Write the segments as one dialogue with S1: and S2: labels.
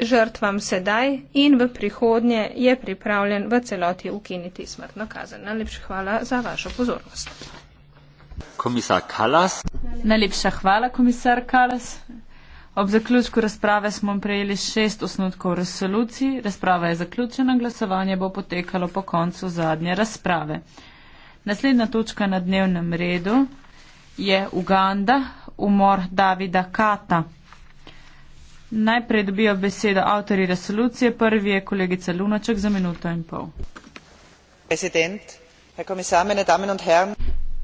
S1: žrtvam sedaj in v prihodnje je pripravljen v celoti ukiniti
S2: smrtno kazen. Najlepša hvala za vašo pozornost.
S3: Komisar Kalas.
S2: Najlepša hvala, komisar Kalas. Ob zaključku razprave smo prejeli šest osnutkov resoluciji. Razprava je zaključena, glasovanje bo potekalo po koncu zadnje razprave. Naslednja točka na dnevnem redu je Uganda, umor Davida Kata. Najprej dobijo besedo avtori resolucije. Prvi je kolegica Lunaček za minuto in pol.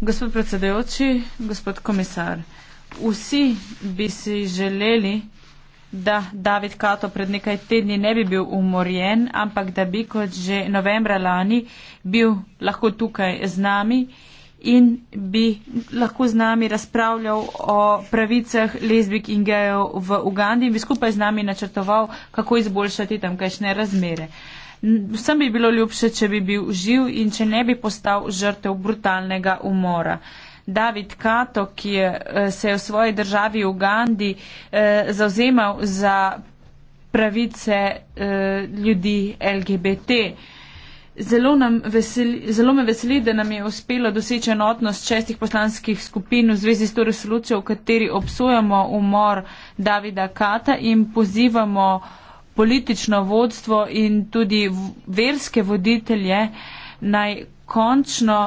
S2: Gospod predsedujoči, gospod komisar, vsi bi si želeli, da David Kato pred nekaj tedni ne bi bil umorjen, ampak da bi kot že novembra lani bil lahko tukaj z nami in bi lahko z nami razpravljal o pravicah lezbik in gejev v Ugandi in bi skupaj z nami načrtoval, kako izboljšati tamkajšnje razmere. Vsem bi bilo ljubše, če bi bil živ in če ne bi postal žrtev brutalnega umora. David Kato, ki je, eh, se je v svoji državi v Gandhi eh, zauzemal za pravice eh, ljudi LGBT. Eh, Zelo, veseli, zelo me veseli, da nam je uspelo doseči enotnost šestih poslanskih skupin v zvezi s to resolucijo, v kateri obsojamo umor Davida Kata in pozivamo politično vodstvo in tudi verske voditelje naj končno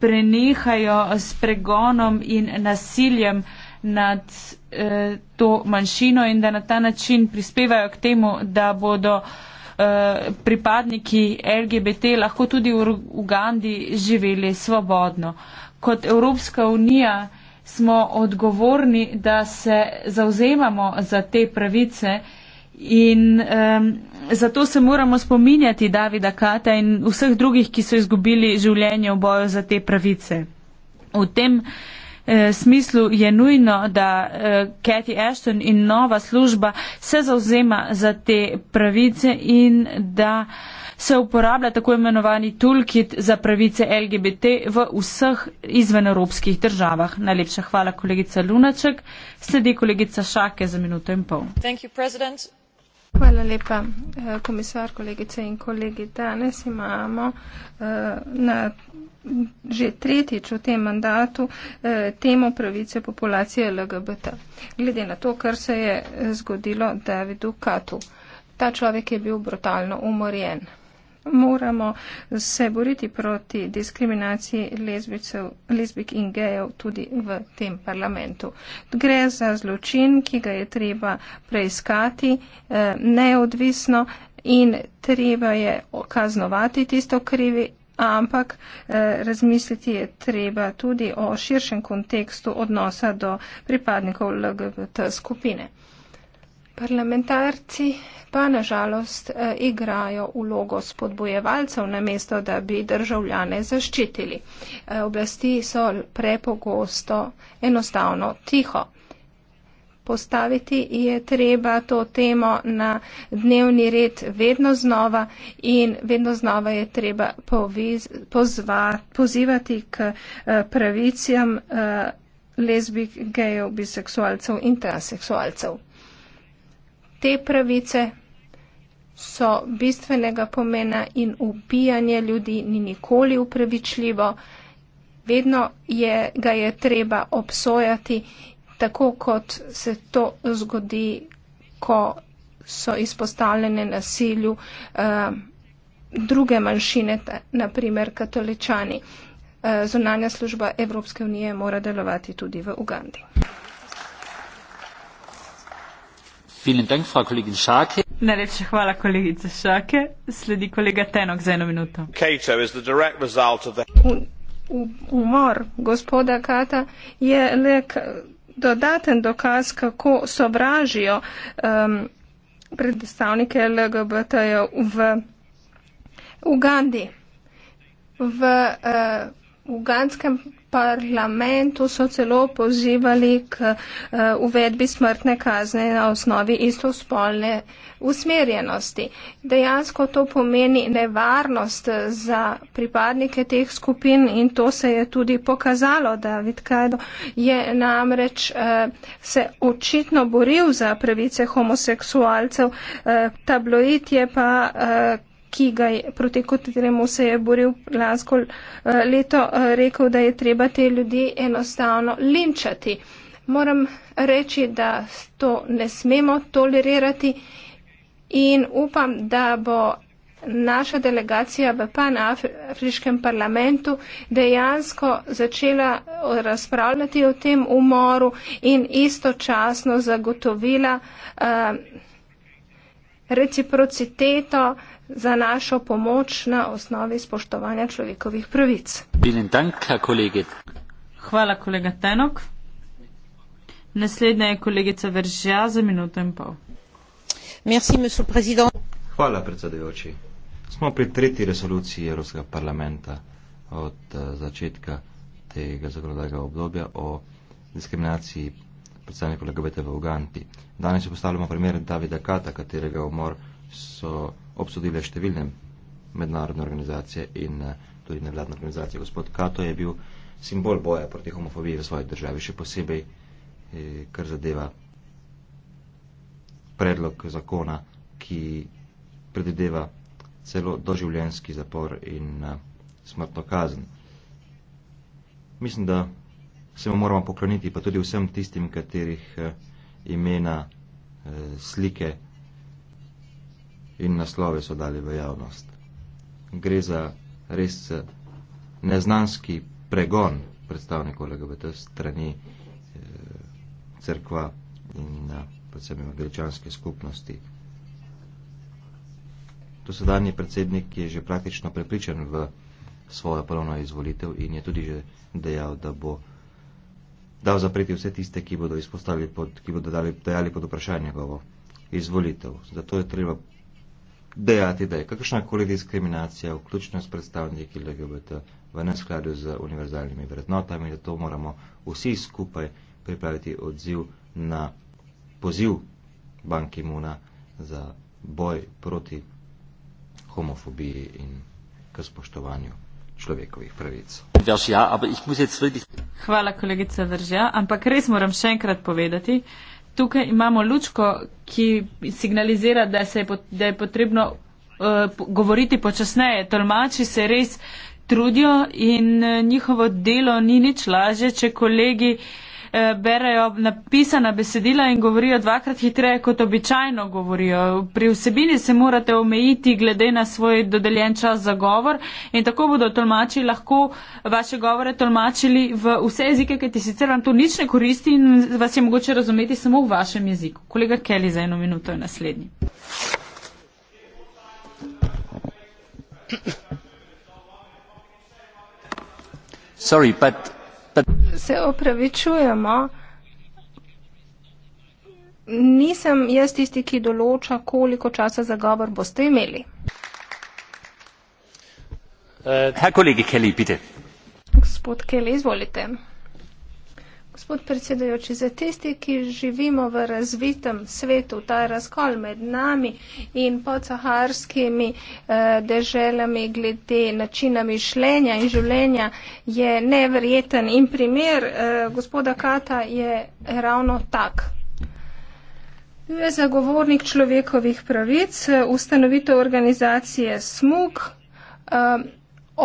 S2: prenehajo s pregonom in nasiljem nad eh, to manjšino in da na ta način prispevajo k temu, da bodo Eh, pripadniki LGBT lahko tudi v Ugandi živeli svobodno. Kot Evropska unija smo odgovorni, da se zauzemamo za te pravice in um, zato se moramo spominjati Davida Kata in vseh drugih, ki so izgubili življenje v boju za te pravice. V tem Eh, smislu je nujno, da Kathy eh, Ashton in nova služba se zauzema za te pravice in da se uporablja tako imenovani toolkit za pravice LGBT v vseh izvenevropskih državah. Najlepša hvala, kolegica Lunaček. Sledi kolegica Šake za minuto in pol.
S1: Hvala lepa, eh, komisar, kolegice in kolegi. Danes imamo eh, na že tretjič v tem mandatu eh, temo pravice populacije LGBT. Glede na to, kar se je zgodilo Davidu Katu. Ta človek je bil brutalno umorjen moramo se boriti proti diskriminaciji lezbicev, lezbik in gejev tudi v tem parlamentu. Gre za zločin, ki ga je treba preiskati eh, neodvisno in treba je kaznovati tisto krivi. Ampak eh, razmisliti je treba tudi o širšem kontekstu odnosa do pripadnikov LGBT skupine. Parlamentarci pa nažalost eh, igrajo vlogo spodbojevalcev, namesto da bi državljane zaščitili. Eh, oblasti so prepogosto enostavno tiho. Postaviti je treba to temo na dnevni red vedno znova in vedno znova je treba poviz, pozva, pozivati k eh, pravicam lezbik, gejev, biseksualcev in transseksualcev te pravice so bistvenega pomena in ubijanje ljudi ni nikoli upravičljivo. Vedno je, ga je treba obsojati, tako kot se to zgodi, ko so izpostavljene nasilju eh, druge manjšine, naprimer katoličani. Eh, zunanja služba Evropske unije mora delovati tudi v
S2: Ugandi. Najlepša hvala, kolegica Šake. Sledi kolega Tenok za eno minuto.
S1: Umor gospoda Kata je le eh, dodaten dokaz, kako sovražijo um, predstavnike LGBT-jev v Ugandi. V, uh, uganskem parlamentu so celo pozivali k eh, uvedbi smrtne kazne na osnovi istospolne usmerjenosti. Dejansko to pomeni nevarnost eh, za pripadnike teh skupin in to se je tudi pokazalo, da Vitkajdo je namreč eh, se očitno boril za pravice homoseksualcev, tabloid je pa ki ga je proti kateremu se je boril lansko eh, leto, eh, rekel, da je treba te ljudi enostavno linčati. Moram reči, da to ne smemo tolerirati in upam, da bo naša delegacija v panafriškem parlamentu dejansko začela razpravljati o tem umoru in istočasno zagotovila. Uh, reciprociteto za našo pomoč na osnovi spoštovanja
S2: človekovih pravic. Hvala, kolega Tenok. Naslednja je kolegica Veržja za minuto in pol.
S3: Hvala, predsedujoči. Smo pri tretji resoluciji Evropskega parlamenta od eh, začetka tega zagrodajega obdobja o diskriminaciji predstavnik LGBT v Uganti. Danes se postavljamo primer Davida Kata, katerega umor so obsodile številne mednarodne organizacije in eh, tudi nevladne organizacije. Gospod Kato je bil simbol boja proti homofobiji v svoji državi, še posebej, eh, kar zadeva predlog zakona, ki predvideva celo doživljenski zapor in eh, smrtno kazen. Mislim, da se mu moramo pokloniti, pa tudi vsem tistim, katerih eh, imena, eh, slike in naslove so dali v javnost. Gre za res eh, neznanski pregon predstavnikov LGBT strani crkva in predvsem angličanske skupnosti. Dosedanji predsednik je že praktično prepričan v svojo polno izvolitev in je tudi že dejal, da bo dal zapreti vse tiste, ki bodo izpostavili, pod, ki bodo dali, dajali pod vprašanje njegovo izvolitev. Zato je treba dejati, da je kakršnakoli diskriminacija, vključno s predstavniki LGBT, v neskladju z univerzalnimi vrednotami, zato moramo vsi skupaj pripraviti odziv na poziv Banki Muna za boj proti homofobiji in k spoštovanju človekovih pravic. Ja, ampak ja, jih musite svetiti.
S2: Hvala, kolegica Držja, ampak res moram še enkrat povedati. Tukaj imamo lučko, ki signalizira, da, se je, pot, da je potrebno uh, govoriti počasneje. Tolmači se res trudijo in uh, njihovo delo ni nič laže, če kolegi uh, Eh, berajo napisana besedila in govorijo dvakrat hitreje, kot običajno govorijo. Pri vsebini se morate omejiti glede na svoj dodeljen čas za govor in tako bodo tolmači lahko vaše govore tolmačili v vse jezike, ki ti sicer vam to nič ne koristi in vas je mogoče razumeti samo v vašem jeziku. Kolega Kelly za eno minuto je naslednji.
S3: Sorry, but
S1: Se opravičujemo. Nisem jaz tisti, ki določa, koliko časa za govor boste imeli.
S3: Eh,
S1: Gospod Kele, izvolite. Gospod predsedujoči, za tisti, ki živimo v razvitem svetu, ta razkol med nami in podsaharskimi eh, deželami glede načina mišljenja in življenja je neverjeten in primer eh, gospoda Kata je ravno tak. Bil je zagovornik človekovih pravic, eh, ustanovitev organizacije SMUK. Eh,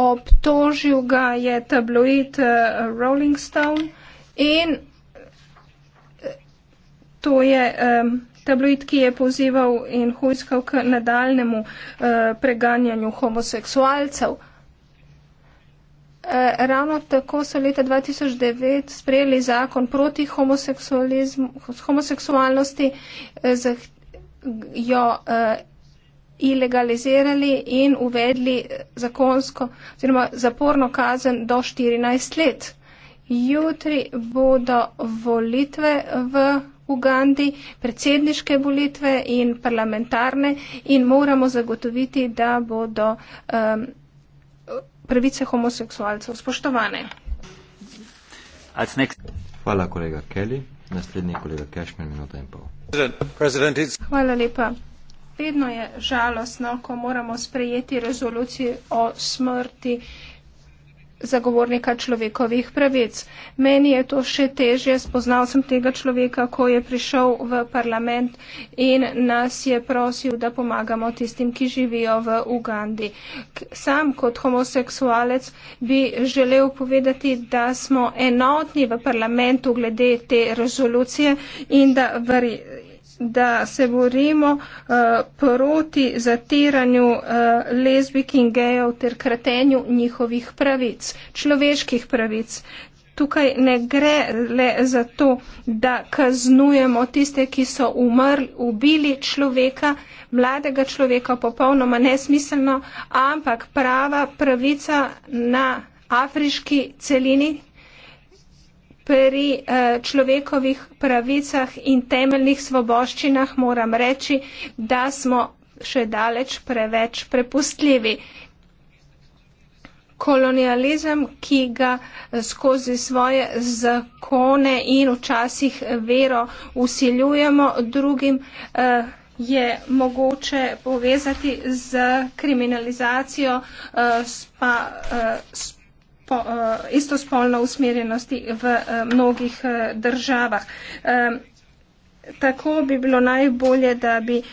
S1: obtožil ga je tabloid eh, Rolling Stone. In eh, to je um, tabloid, ki je pozival in hojskal k nadaljnemu uh, preganjanju homoseksualcev. Eh, ravno tako so leta 2009 sprejeli zakon proti homoseksualnosti, jo uh, ilegalizirali in uvedli zakonsko oziroma zaporno kazen do 14 let. Jutri bodo volitve v Ugandi, predsedniške volitve in parlamentarne in moramo zagotoviti, da bodo um, pravice homoseksualcev spoštovane.
S3: Hvala, kolega Kelly. Naslednji kolega Cashman, minuta in pol.
S1: Hvala lepa. Vedno je žalostno, ko moramo sprejeti rezolucijo o smrti zagovornika človekovih pravic. Meni je to še težje, spoznal sem tega človeka, ko je prišel v parlament in nas je prosil, da pomagamo tistim, ki živijo v Ugandi. Sam kot homoseksualec bi želel povedati, da smo enotni v parlamentu glede te rezolucije in da da se borimo uh, proti zatiranju uh, eh, lezbik in gejev ter kratenju njihovih pravic, človeških pravic. Tukaj ne gre le za to, da kaznujemo tiste, ki so umrli, ubili človeka, mladega človeka, popolnoma nesmiselno, ampak prava pravica na afriški celini, pri eh, človekovih pravicah in temeljnih svoboščinah moram reči, da smo še daleč preveč prepustljivi. Kolonializem, ki ga eh, skozi svoje zakone in včasih vero usiljujemo drugim, eh, je mogoče povezati z kriminalizacijo, pa s po, uh, istospolno usmerjenosti v uh, mnogih uh, državah. Um, tako bi bilo najbolje, da bi uh,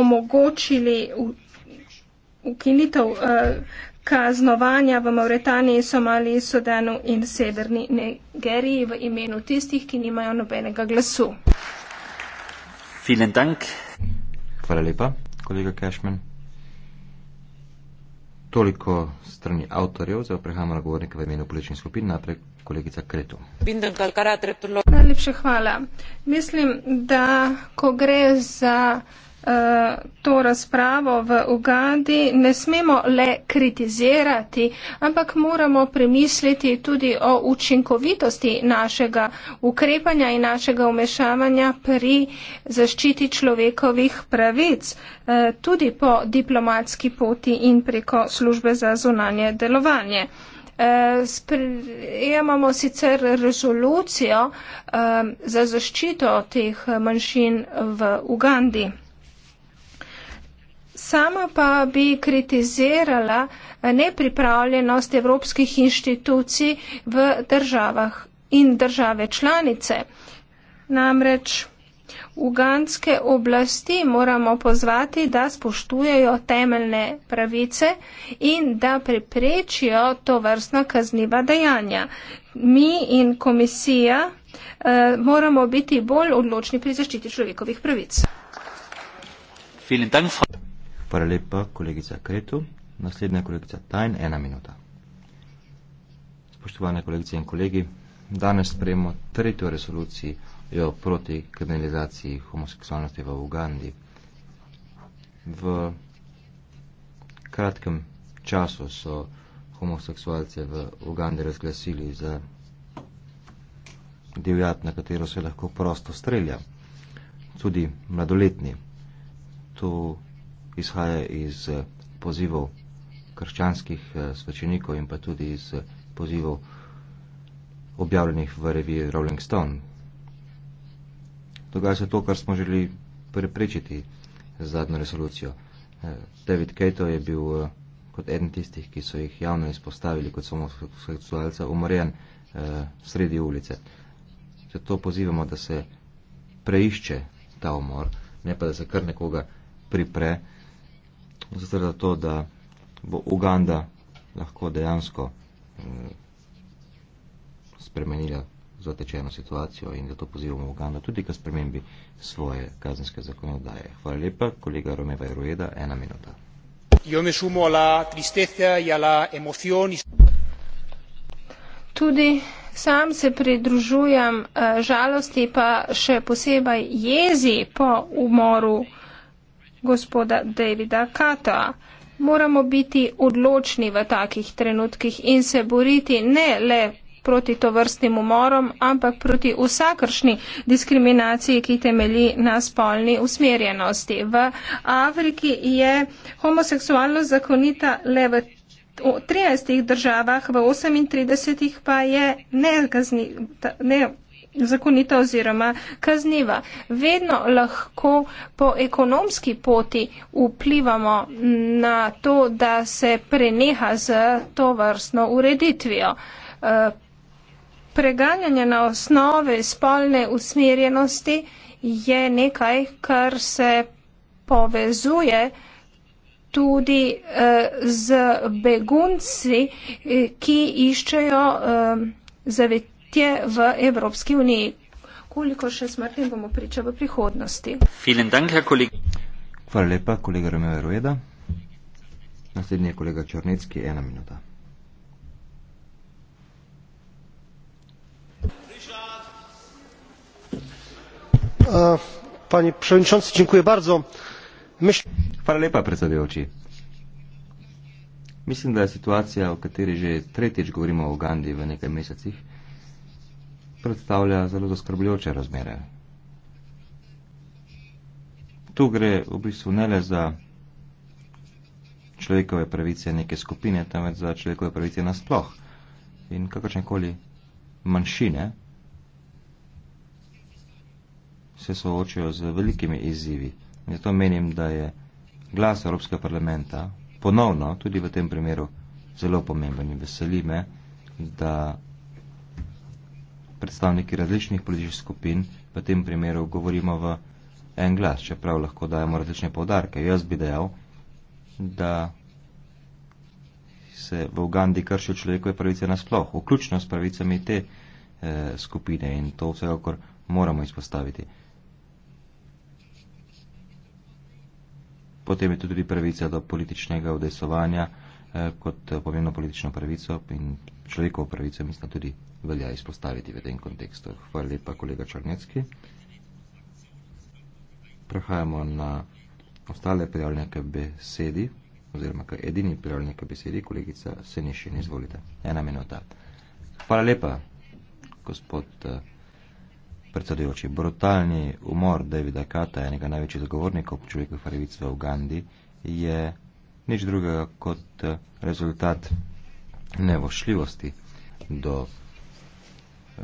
S1: omogočili ukinitev uh, kaznovanja v Mauretaniji, Somaliji, Sudanu in Severni Nigeriji v imenu tistih, ki nimajo nobenega glasu.
S3: Hvala lepa, kolega Kešmen toliko strani avtorjev, zdaj prehajamo na govornika v imenu političnih skupin, naprej kolegica Kretu.
S2: Najlepša
S1: hvala. Mislim, da ko gre za Eh, to razpravo v Ugandi, ne smemo le kritizirati, ampak moramo premisliti tudi o učinkovitosti našega ukrepanja in našega umešavanja pri zaščiti človekovih pravic, eh, tudi po diplomatski poti in preko službe za zunanje delovanje. Eh, sprejemamo sicer rezolucijo za zaščito teh manjšin v Ugandi. Sama pa bi kritizirala eh, nepripravljenost evropskih inštitucij v državah in države članice. Namreč uganske oblasti moramo pozvati, da spoštujejo temeljne pravice in da preprečijo to vrstna kazniva dejanja. Mi in komisija eh, moramo biti bolj odločni pri zaščiti človekovih pravic.
S3: Vielen Dank, Frau. Hvala lepa, kolegica Kretu. Naslednja kolegica Tajn, ena minuta. Spoštovane kolegice in kolegi, danes sprejemo tretjo resolucijo proti kriminalizaciji homoseksualnosti v Ugandi. V kratkem času so homoseksualce v Ugandi razglasili za divjat, na katero se lahko prosto strelja. Tudi mladoletni. To izhaja iz eh, pozivov krščanskih eh, svečenikov in pa tudi iz eh, pozivov objavljenih v reviji Rolling Stone. Dogaja se to, kar smo želi preprečiti z zadnjo resolucijo. David Cato je bil kot eden tistih, ki so jih javno izpostavili kot homoseksualca, umorjen eh, sredi ulice. Zato pozivamo, da se preišče ta umor, ne pa da se kar nekoga pripre in sicer zato, da bo Uganda lahko dejansko eh, spremenila zatečeno situacijo in zato pozivamo Ugando tudi k spremembi svoje kazenske zakonodaje. Hvala lepa, kolega Romeva Irueda, ena minuta.
S1: Tudi sam se pridružujem eh, žalosti, pa še posebej jezi po umoru gospoda Davida Kata. Moramo biti odločni v takih trenutkih in se boriti ne le proti tovrstnim umorom, ampak proti vsakršni diskriminaciji, ki temelji na spolni usmerjenosti. V Afriki je homoseksualnost zakonita le v. V 13 državah, v 38 pa je ne, zakonita oziroma kazniva. Vedno lahko po ekonomski poti vplivamo na to, da se preneha z to vrstno ureditvijo. Eh, preganjanje na osnove spolne usmerjenosti je nekaj, kar se povezuje tudi eh, z begunci, eh, ki iščejo zavetnosti tretje v Evropski uniji. Koliko še smrtnih bomo priča v prihodnosti?
S3: Hvala lepa, kolega Romeo Rueda. Naslednji je kolega Črnecki, ena minuta. Pani predsednica, dziękuję bardzo. Myś... Hvala lepa, predsedujoči. Mislim, da je situacija, o kateri že tretjič govorimo v Ugandiji v nekaj mesecih, predstavlja zelo zaskrbljujoče razmere. Tu gre v bistvu ne le za človekove pravice neke skupine, temveč za človekove pravice nasploh in kakršnekoli manjšine se soočajo z velikimi izzivi. Zato menim, da je glas Evropskega parlamenta ponovno, tudi v tem primeru, zelo pomemben in veseli me, da predstavniki različnih političnih skupin, v tem primeru govorimo v en glas, čeprav lahko dajemo različne povdarke. Jaz bi dejal, da se v Ugandi kršijo človekove pravice nasploh, vključno s pravicami te e, skupine in to vsekakor moramo izpostaviti. Potem je tudi pravica do političnega odesovanja. Eh, kot pomembno politično pravico in človekovo pravico, mislim, tudi velja izpostaviti v tem kontekstu. Hvala lepa, kolega Črnecki. Prehajamo na ostale prijavljene k besedi, oziroma k edini prijavljene k besedi, kolegica Senišin, izvolite. Ena minuta. Hvala lepa, gospod eh, predsedujoči. Brutalni umor Davida Kata, enega največjih zagovornikov človekovih pravic v Ugandi, je nič drugega kot eh, rezultat nevošljivosti do eh,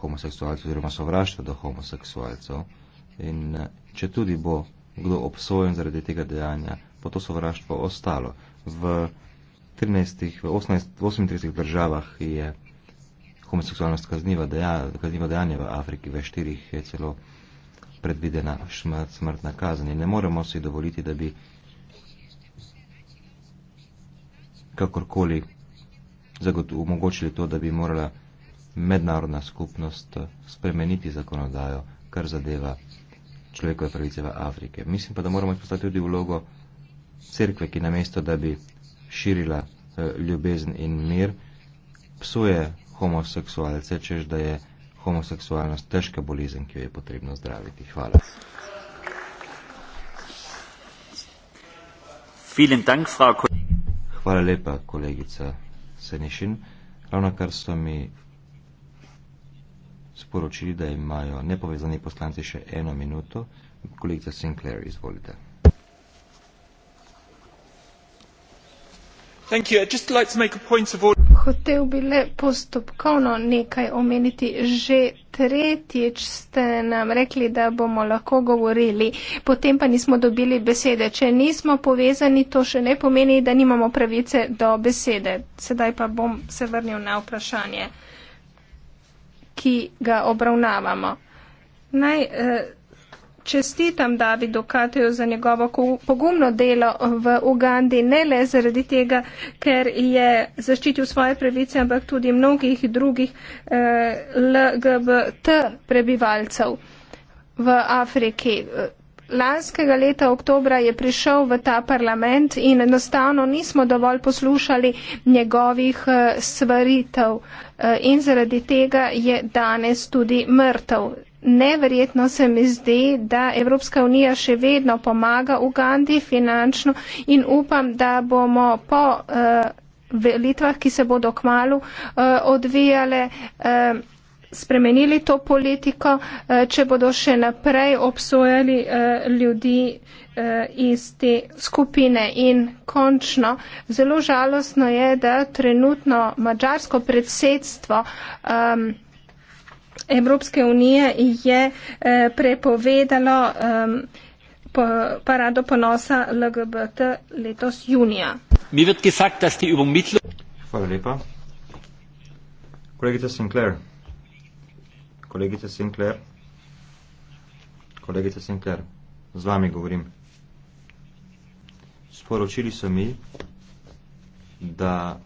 S3: homoseksualcev oziroma sovraštva do homoseksualcev. In eh, če tudi bo kdo obsojen zaradi tega dejanja, bo to sovraštvo ostalo. V, 13, v 18, 38 državah je homoseksualnost kazniva, deja, kazniva dejanja v Afriki, v štirih je celo predvidena smrtna kazen. In ne moremo si dovoliti, da bi kakorkoli omogočili to, da bi morala mednarodna skupnost eh, spremeniti zakonodajo, kar zadeva človekove pravice v Afrike. Mislim pa, da moramo izpostaviti tudi vlogo cerkve, ki namesto, da bi širila eh, ljubezen in mir, psuje homoseksualce, čež da je homoseksualnost težka bolezen, ki jo je potrebno zdraviti. Hvala. Vielen Dank, Frau Hvala lepa, kolegica Senišin. Ravno kar so mi sporočili, da imajo nepovezani poslanci še eno minuto. Kolegica Sinclair, izvolite.
S1: hotel bi le postopkovno nekaj omeniti že tretjič ste nam rekli da bomo lahko govorili potem pa nismo dobili besede če nismo povezani to še ne pomeni da nimamo pravice do besede sedaj pa bom se vrnil na vprašanje ki ga obravnavamo naj eh, čestitam Davidu Katiju za njegovo pogumno delo v Ugandi, ne le zaradi tega, ker je zaščitil svoje pravice, ampak tudi mnogih drugih eh, LGBT prebivalcev v Afriki. Lanskega leta oktobra je prišel v ta parlament in enostavno nismo dovolj poslušali njegovih eh, svaritev eh, in zaradi tega je danes tudi mrtev. Neverjetno se mi zdi, da Evropska unija še vedno pomaga Ugandi finančno in upam, da bomo po uh, eh, velitvah, ki se bodo kmalo uh, eh, odvijale, uh, spremenili to politiko, uh, če bodo še naprej obsojali uh, ljudi uh, iz te skupine. In končno, zelo žalostno je, da trenutno mađarsko predsedstvo. Um, Evropske unije je eh, prepovedalo um, po, parado ponosa LGBT letos junija.
S3: Hvala lepa. Kolegica Sinclair. Kolegica Sinclair. Kolegica Sinclair. Z vami govorim. Sporočili so mi, da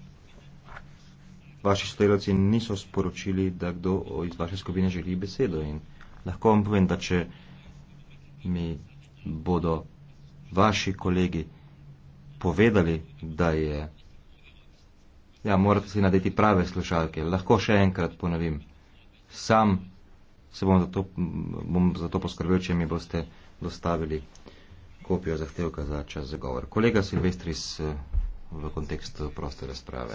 S3: vaši sodelavci niso sporočili, da kdo iz vaše skupine želi besedo. In lahko vam povem, da če mi bodo vaši kolegi povedali, da je. Ja, morate si nadeti prave slušalke. Lahko še enkrat ponovim. Sam se bom za to, bom za to poskrbel, če mi boste dostavili kopijo zahtevka za čas za govor. Kolega Silvestris. Eh, v kontekstu proste razprave.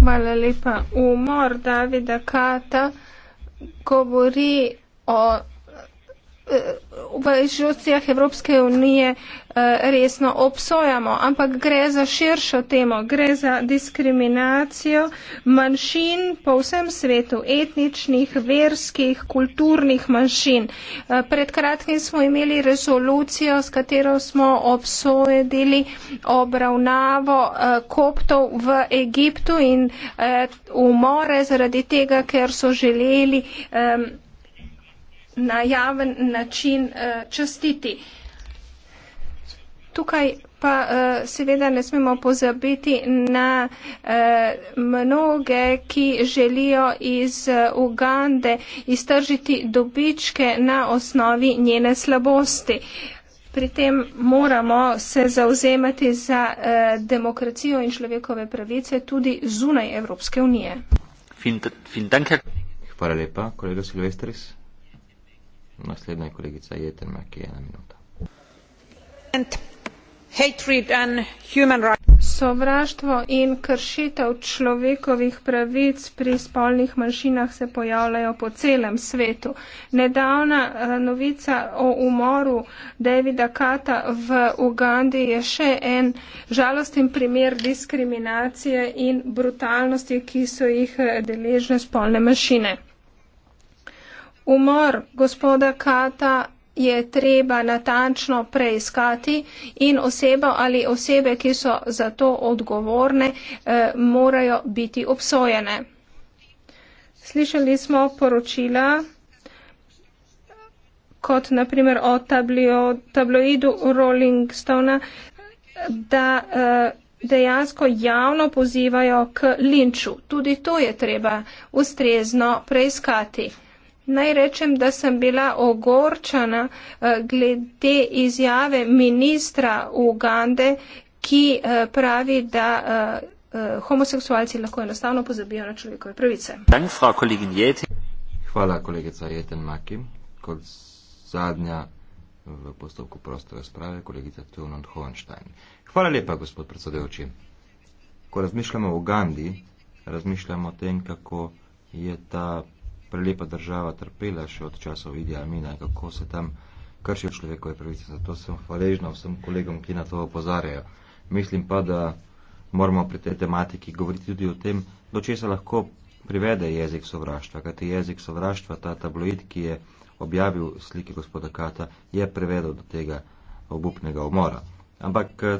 S1: Hvala lepa. Umor Davida Kata govori o v inštitucijah Evropske unije eh, resno obsojamo, ampak gre za širšo temo, gre za diskriminacijo manjšin po vsem svetu, etničnih, verskih, kulturnih manjšin. Eh, pred kratkim smo imeli rezolucijo, s katero smo obsojedili obravnavo eh, koptov v Egiptu in umore zaradi tega, ker so želeli na javen način uh, eh, čestiti. Tukaj pa uh, seveda ne smemo pozabiti na uh, mnoge, ki želijo iz uh, Ugande iztržiti dobičke na osnovi njene slabosti. Pri tem moramo se zauzemati za uh, demokracijo in človekove pravice tudi zunaj Evropske unije.
S3: Hvala lepa, kolega Silvestris. Naslednja je kolegica Jetermak, ki je ena minuta.
S1: Sovraštvo in kršitev človekovih pravic pri spolnih manjšinah se pojavljajo po celem svetu. Nedavna eh, novica o umoru Davida Kata v Ugandi je še en žalosten primer diskriminacije in brutalnosti, ki so jih eh, deležne spolne manjšine. Umor gospoda Kata je treba natančno preiskati in osebo ali osebe, ki so za to odgovorne, eh, morajo biti obsojene. Slišali smo poročila kot naprimer o tablio, tabloidu Rolling Stone, da eh, dejansko javno pozivajo k linču. Tudi to je treba ustrezno preiskati. Naj rečem, da sem bila ogorčana eh, glede izjave ministra Ugande, ki eh, pravi, da eh, homoseksualci lahko enostavno pozabijo na človekove pravice.
S3: Hvala, kolegica Jeten Maki. Kot zadnja v postopku proste razprave, kolegica Tunant Hohenstein. Hvala lepa, gospod predsedujoči. Ko razmišljamo o Ugandi, razmišljamo o tem, kako je ta prelepa država trpela še od časov Idija Amina, kako se tam kršijo človekove pravice. Zato sem hvaležna vsem kolegom, ki na to opozarjajo. Mislim pa, da moramo pri tej tematiki govoriti tudi o tem, do česa lahko privede jezik sovraštva. Kajti jezik sovraštva, ta tabloid, ki je objavil slike gospoda Kata, je prevedel do tega obupnega umora. Ampak eh,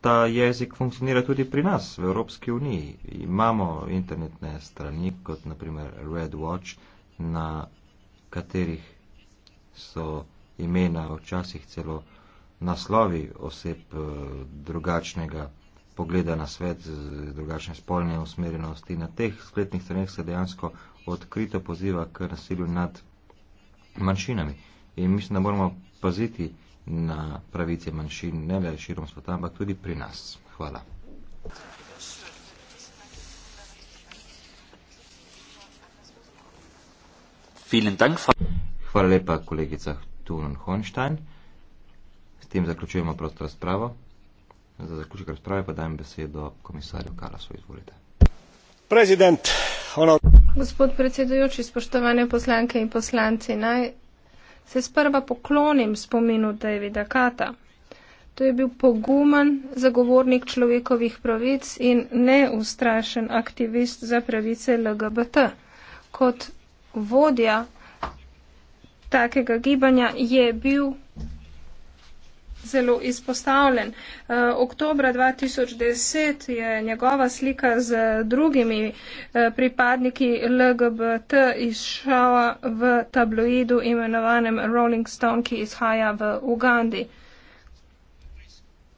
S3: ta jezik funkcionira tudi pri nas, v Evropski uniji. Imamo internetne strani, kot naprimer Red Watch, na katerih so imena včasih celo naslovi oseb eh, drugačnega pogleda na svet, drugačne spolne usmerjenosti. Na teh spletnih straneh se dejansko odkrito poziva k nasilju nad manjšinami. In mislim, da moramo paziti, na pravice manjšin, ne le širom sveta, ampak tudi pri nas. Hvala. Hvala lepa, kolegica Tunon Honštajn. S tem zaključujemo prosto razpravo. Za zaključek razprave pa dajem besedo komisarju Karasu. Izvolite.
S1: Gospod predsedujoči, spoštovane poslanke in poslanci, naj se sprva poklonim spominu Davida Kata. To je bil pogumen zagovornik človekovih pravic in neustrašen aktivist za pravice LGBT. Kot vodja takega gibanja je bil zelo izpostavljen. Eh, oktobra 2010 je njegova slika z drugimi eh, pripadniki LGBT izšla v tabloidu imenovanem Rolling Stone, ki izhaja v Ugandi.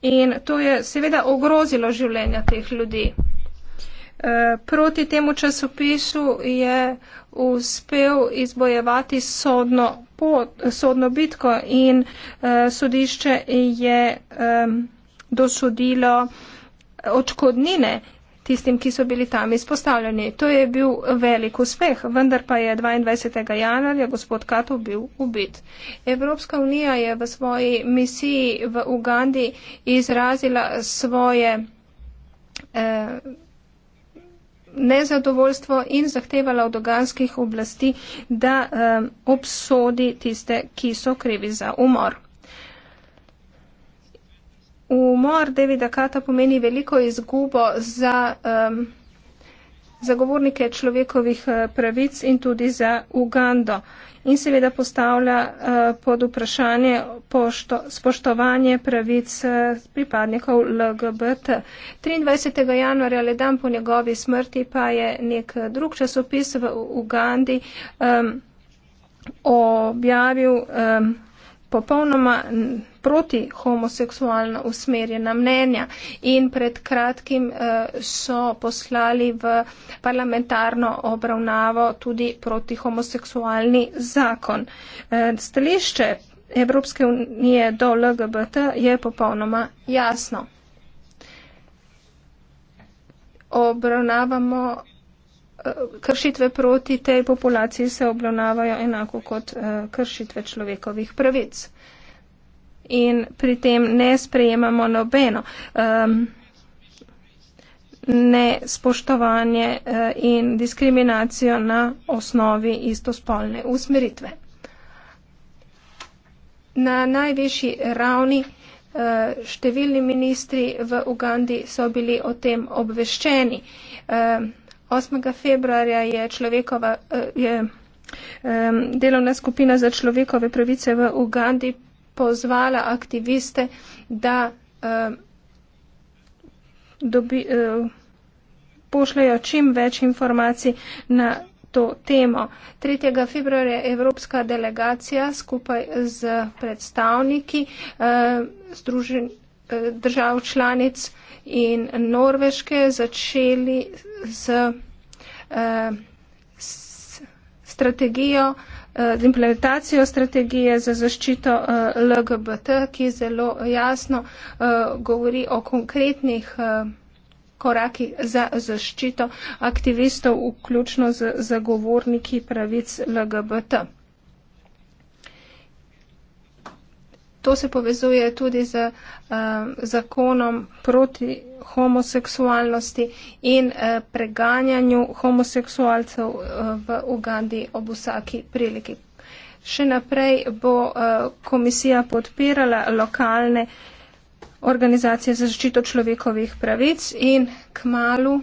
S1: In to je seveda ogrozilo življenja teh ljudi. Eh, proti temu časopisu je uspel izbojevati sodno pot, sodno bitko in uh, sodišče je um, dosodilo očkodnine tistim, ki so bili tam izpostavljeni. To je bil velik uspeh, vendar pa je 22. januarja gospod Kato bil ubit. Evropska unija je v svoji misiji v Ugandi izrazila svoje. Uh, nezadovoljstvo in zahtevala od oganskih oblasti, da um, obsodi tiste, ki so krivi za umor. Umor Davida Kata pomeni veliko izgubo za um, zagovornike človekovih eh, pravic in tudi za Ugando. In seveda postavlja eh, pod vprašanje pošto, spoštovanje pravic eh, pripadnikov LGBT. 23. januarja, le dan po njegovi smrti, pa je nek drug časopis v Ugandi um, objavil um, popolnoma proti homoseksualno usmerjena mnenja in pred kratkim eh, so poslali v parlamentarno obravnavo tudi proti homoseksualni zakon. Eh, stališče Evropske unije do LGBT je popolnoma jasno. Obravnavamo eh, kršitve proti tej populaciji, se obravnavajo enako kot kršitve človekovih pravic in pri tem ne sprejemamo nobeno um, nespoštovanje uh, in diskriminacijo na osnovi istospolne usmeritve. Na najvišji ravni uh, številni ministri v Ugandi so bili o tem obveščeni. 8. Um, februarja je, uh, je um, delovna skupina za človekove pravice v Ugandi pozvala aktiviste, da uh, dobi, uh, eh, pošljajo čim več informacij na. To temo. 3. februarja je Evropska delegacija skupaj z predstavniki eh, združen, eh, držav članic in Norveške začeli z, eh, s strategijo eh, Eh, z implementacijo strategije za zaščito eh, LGBT, ki zelo jasno eh, govori o konkretnih koraki za zaščito aktivistov, vključno z zagovorniki pravic LGBT. To se povezuje tudi z uh, zakonom proti homoseksualnosti in uh, preganjanju homoseksualcev uh, v Ugandi ob vsaki priliki. Še naprej bo uh, komisija podpirala lokalne organizacije za zaščito človekovih pravic in kmalu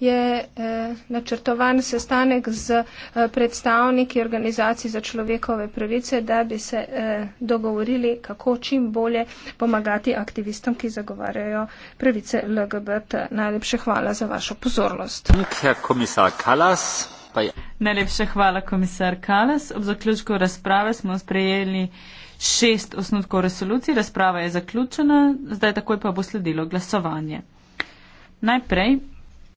S1: je eh, načrtovan sestanek z eh, predstavniki organizacij za človekove pravice, da bi se eh, dogovorili, kako čim bolje pomagati aktivistom, ki zagovarjajo pravice LGBT. Najlepše hvala za vašo pozornost.
S3: Najlepše
S2: hvala, komisar Kalas. Ob zaključku razprave smo sprejeli šest osnutkov resolucij. Razprava je zaključena, zdaj takoj pa bo sledilo glasovanje. Najprej